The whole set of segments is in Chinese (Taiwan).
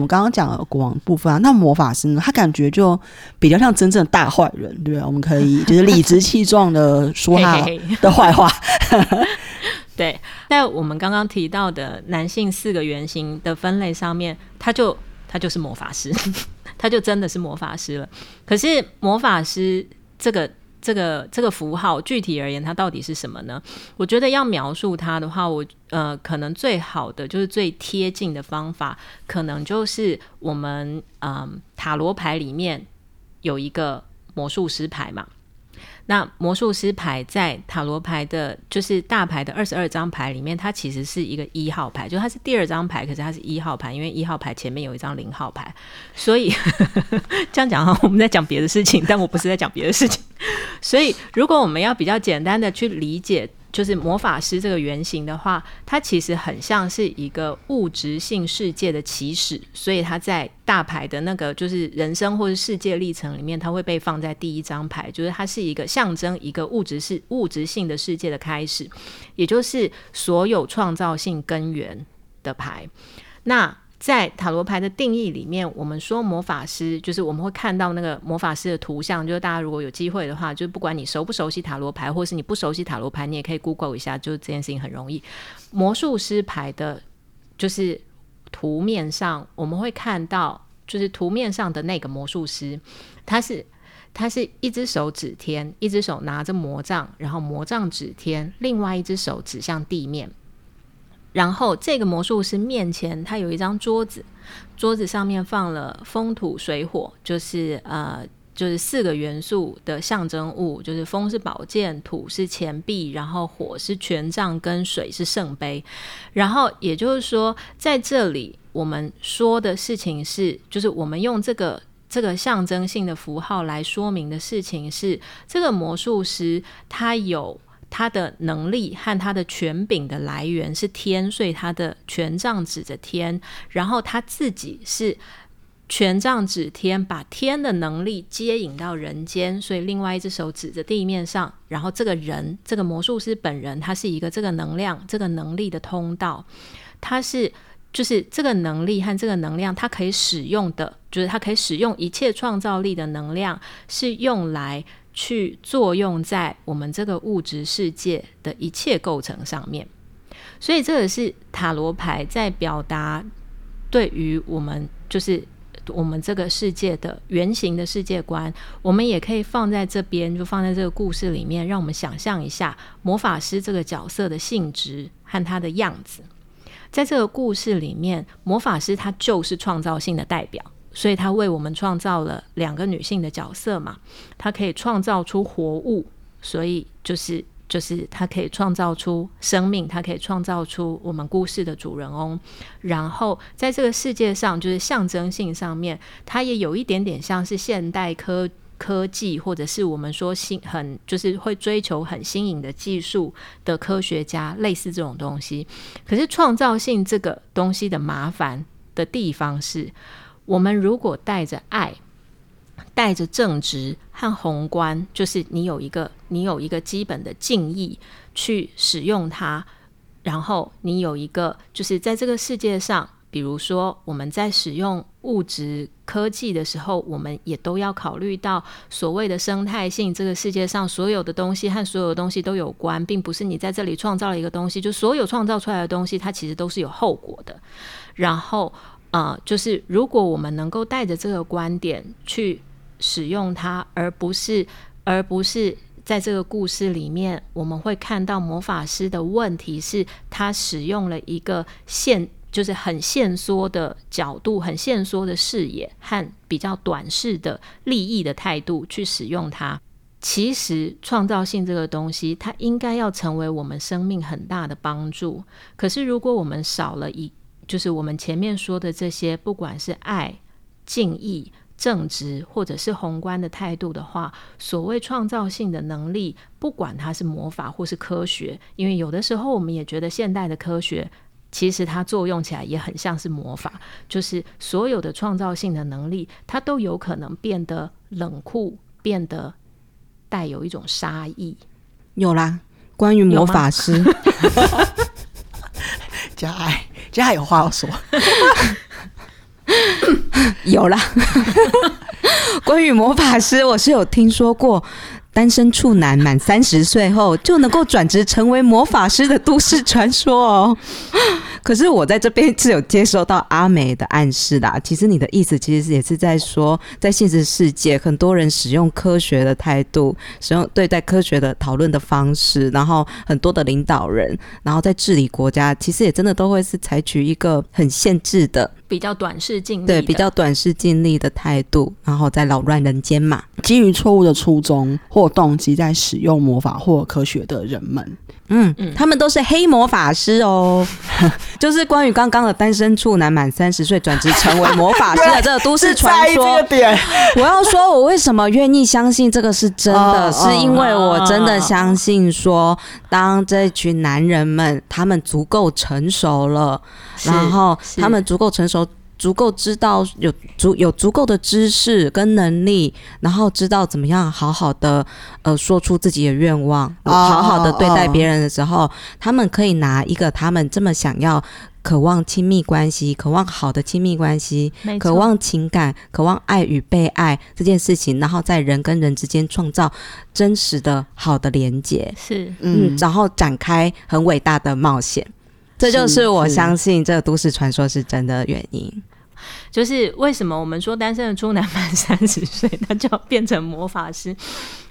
我們剛剛講了國王部分啊，那魔法師呢？他感覺就比較像真正的大壞人，對吧？我們可以就是理直氣壯的 說他的壞話。 對，在我們剛剛提到的男性四個原型的分類上面，他就他就是魔法師，他就真的是魔法師了。可是魔法師這個。這個這個符號具體而言，它到底是什麼呢？我覺得要描述它的話，我呃可能最好的就是最貼近的方法，可能就是我們嗯、呃、塔羅牌裡面有一個魔術師牌嘛。那魔術師牌在塔羅牌的，就是大牌的二十二張牌裡面，它其實是一個一號牌，就它是第二張牌，可是它是一號牌，因為一號牌前面有一張零號牌，所以 這樣講哈，我們在講別的事情，但我不是在講別的事情， 所以如果我們要比較簡單的去理解。就是魔法師這個原型的話，它其實很像是一個物質性世界的起始，所以它在大牌的那個就是人生或者世界歷程裡面，它會被放在第一張牌，就是它是一個象徵一個物質是物質性的世界的開始，也就是所有創造性根源的牌。那在塔羅牌的定義裡面，我們說魔法師就是我們會看到那個魔法師的圖像。就是大家如果有機會的話，就是不管你熟不熟悉塔羅牌，或是你不熟悉塔羅牌，你也可以 Google 一下，就這件事情很容易。魔術師牌的，就是圖面上我們會看到，就是圖面上的那個魔術師，他是他是一隻手指天，一隻手拿着魔杖，然後魔杖指天，另外一隻手指向地面。然後，這個魔術師面前，他有一張桌子，桌子上面放了風、土、水、火，就是呃，就是四個元素的象徵物，就是風是寶劍，土是錢幣，然後火是權杖，跟水是聖杯。然後也就是說，在這裡我們說的事情是，就是我們用這個這個象徵性的符號來說明的事情是，這個魔術師他有。他的能力和他的權柄的來源是天，所以他的權杖指着天，然後他自己是權杖指天，把天的能力接引到人間。所以另外一隻手指着地面上，然後這個人，這個魔術師本人，他是一個這個能量、這個能力的通道，他是就是這個能力和這個能量，他可以使用的，就是他可以使用一切創造力的能量，是用來。去作用在我們這個物質世界的一切構成上面，所以這個是塔羅牌在表達對於我們，就是我們這個世界的原型的世界觀。我們也可以放在這邊，就放在這個故事裡面，讓我們想象一下魔法師這個角色的性質和它的樣子。在這個故事裡面，魔法師他就是創造性的代表。所以他為我們創造了兩個女性的角色嘛？她可以創造出活物，所以就是就是她可以創造出生命，她可以創造出我們故事的主人翁。然後在這個世界上，就是象徵性上面，他也有一點點像是現代科科技或者是我們說新很就是會追求很新穎的技術的科學家，類似這種東西。可是創造性這個東西的麻煩的地方是。我們如果帶着愛、帶着正直和宏觀，就是你有一個你有一個基本的敬意去使用它，然後你有一個就是在這個世界上，比如說我們在使用物質科技的時候，我們也都要考慮到所謂的生態性。這個世界上所有的東西和所有的東西都有關，並不是你在這裡創造了一個東西，就所有創造出來的東西，它其實都是有後果的。然後。呃，就是如果我們能夠帶着這個觀點去使用它，而不是而不是在這個故事裡面，我們會看到魔法師的問題是他使用了一個限，就是很限縮的角度，很限縮的視野和比較短視的利益的態度去使用它。其實創造性這個東西，它應該要成為我們生命很大的幫助。可是如果我們少了一，就是我們前面說的這些，不管是愛、敬意、正直，或者是宏觀的態度的話，所謂創造性的能力，不管它是魔法或是科學，因為有的時候我們也覺得現代的科學其實它作用起來也很像是魔法。就是所有的創造性的能力，它都有可能變得冷酷，變得帶有一種殺意。有啦，關於魔法師 加愛。這還有話要說 ，有啦， 關於魔法師，我是有聽說過。單身處男滿三十歲後就能夠轉職成為魔法師的都市傳說哦。可是我在這邊是有接收到阿梅的暗示啦。其實你的意思其實是也是在說，在現實世界，很多人使用科學的態度，使用對待科學的討論的方式，然後很多的領導人，然後在治理國家，其實也真的都會是採取一個很限制的。比較短視近利，對比較短視近利的態度，然後在擾亂人間嘛。基於錯誤的初衷或動機，在使用魔法或科學的人們。嗯，嗯，他們都是黑魔法師哦， 就是關於剛剛的單身處男滿三十歲轉職成為魔法師的這個都市傳說 我要說，我為什麼願意相信這個是真的、哦，是因為我真的相信說，哦、當這群男人們、哦、他們足夠成熟了，然後他們足夠成熟。足夠知道有足有足夠的知識跟能力，然後知道怎麼樣好好的呃說出自己的願望，好好的對待別人的時候，oh, oh, oh, oh. 他們可以拿一個他們這麼想要渴望親密關係，嗯，渴望好的親密關係，渴望情感，渴望愛與被愛這件事情，然後在人跟人之間創造真實的好的連接，是嗯是，然後展開很偉大的冒險，這就是我相信這都市傳說是真的原因。就是為什麼我們說單身的處男滿三十歲，他就要變成魔法師？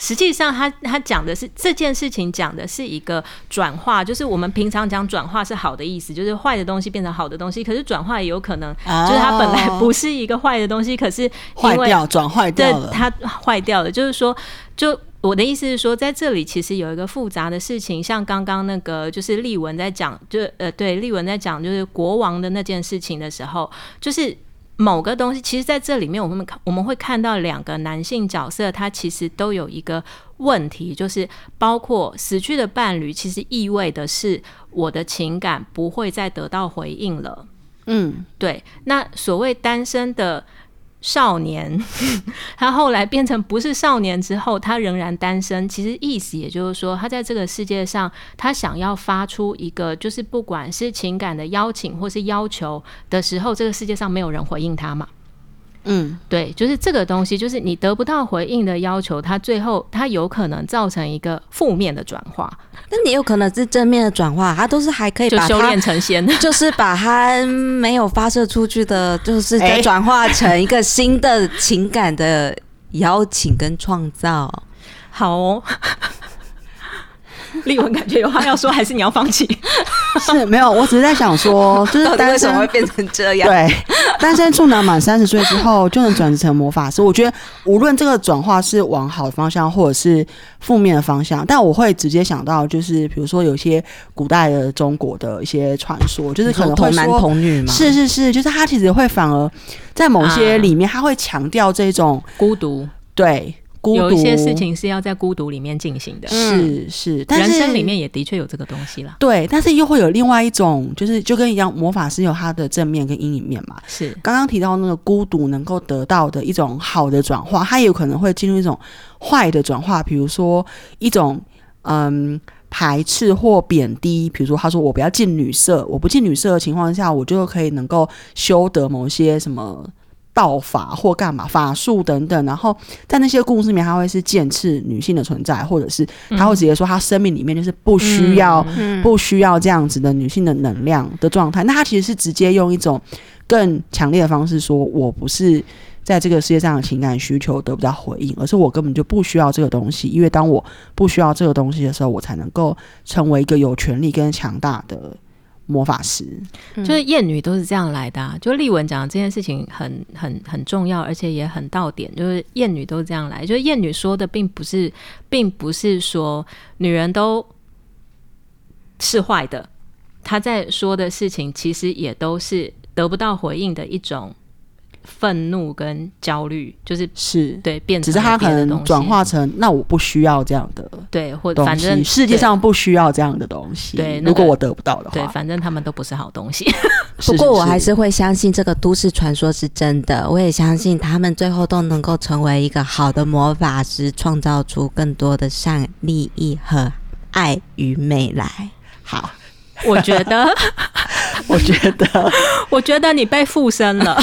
實際上他，他他講的是這件事情，講的是一個轉化。就是我們平常講轉化是好的意思，就是壞的東西變成好的東西。可是轉化也有可能，哦，就是他本來不是一個壞的東西，可是壞掉，轉壞掉了，對，他壞掉了。就是說，就。我的意思是說，在這裡其實有一個複雜的事情，像剛剛那個就是俐文在講，就呃，對，俐文在講就是國王的那件事情的時候，就是某個東西，其實在這裡面我們看，我們會看到兩個男性角色，他其實都有一個問題，就是包括死去的伴侶，其實意味的是我的情感不會再得到回應了。嗯，對，那所謂單身的。少年， 他後來變成不是少年之後，他仍然單身。其實意思也就是說，他在這個世界上，他想要發出一個，就是不管是情感的邀請或是要求的時候，這個世界上沒有人回應他嘛。嗯，對，就是這個東西，就是你得不到回應的要求，它最後它有可能造成一個負面的轉化。那你有可能是正面的轉化，它都是還可以把它修煉成仙， 就是把它沒有發射出去的，就是轉化成一個新的情感的邀請跟創造。 好哦。俐文感覺有話要說，還是你要放棄？ 是沒有，我只是在想說，就是單身會變成這樣。對，單身處男滿三十歲之後就能轉職成魔法師。所以我覺得無論這個轉化是往好的方向，或者是負面的方向，但我會直接想到，就是比如說有些古代的中國的一些傳說，就是可能會，可能會童男童女嘛。是是是，就是他其實會反而在某些裡面，他會強調這種、啊、孤獨。對。有些事情是要在孤獨裡面進行的。嗯，是是，但是人生裡面也的確有這個東西啦。對，但是又會有另外一種，就是就跟一樣，魔法師有他的正面跟陰影面嘛。是，剛剛提到那個孤獨能夠得到的一種好的轉化，它也有可能會進入一種壞的轉化，比如說一種嗯，排斥或貶低，比如說他說我不要進女色，我不進女色的情況下，我就可以能夠修得某些什麼。道法或幹嘛法術等等，然後在那些故事裡面，他會是劍刺女性的存在，或者是他會直接說他生命裡面就是不需要、嗯、不需要這樣子的女性的能量的狀態、嗯嗯。那他其實是直接用一種更強烈的方式說：“我不是在這個世界上的情感需求得不到回應，而是我根本就不需要這個東西。因為當我不需要這個東西的時候，我才能夠成為一個有權力跟強大的。”魔法師就是厭女都是這樣來的。啊，就俐文講這件事情很很很重要，而且也很到點。就是厭女都是這樣來，就是厭女說的，並不是，並不是說女人都，是壞的。她在說的事情，其實也都是得不到回應的一種。憤怒跟焦慮，就是是對變成只是他可能轉化成，成那我不需要這樣的對，或者反正世界上不需要這樣的東西。對，如果我得不到的話，對，那個、對反正他們都不是好東西。 不過我還是會相信這個都市傳說是真的。我也相信他們最後都能夠成為一個好的魔法師，創造出更多的善、利益和愛與美來。好， 我覺得。 我覺得， 我覺得你被附身了。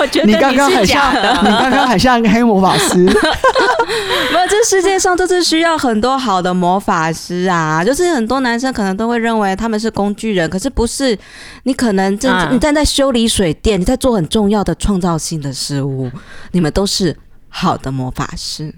我覺得你剛剛很像， 你剛剛很像一個黑魔法師。 沒有，這世界上就是需要很多好的魔法師啊！就是很多男生可能都會認為他們是工具人，可是不是。你可能正你站在修理水電，你在做很重要的創造性的事物。你們都是好的魔法師。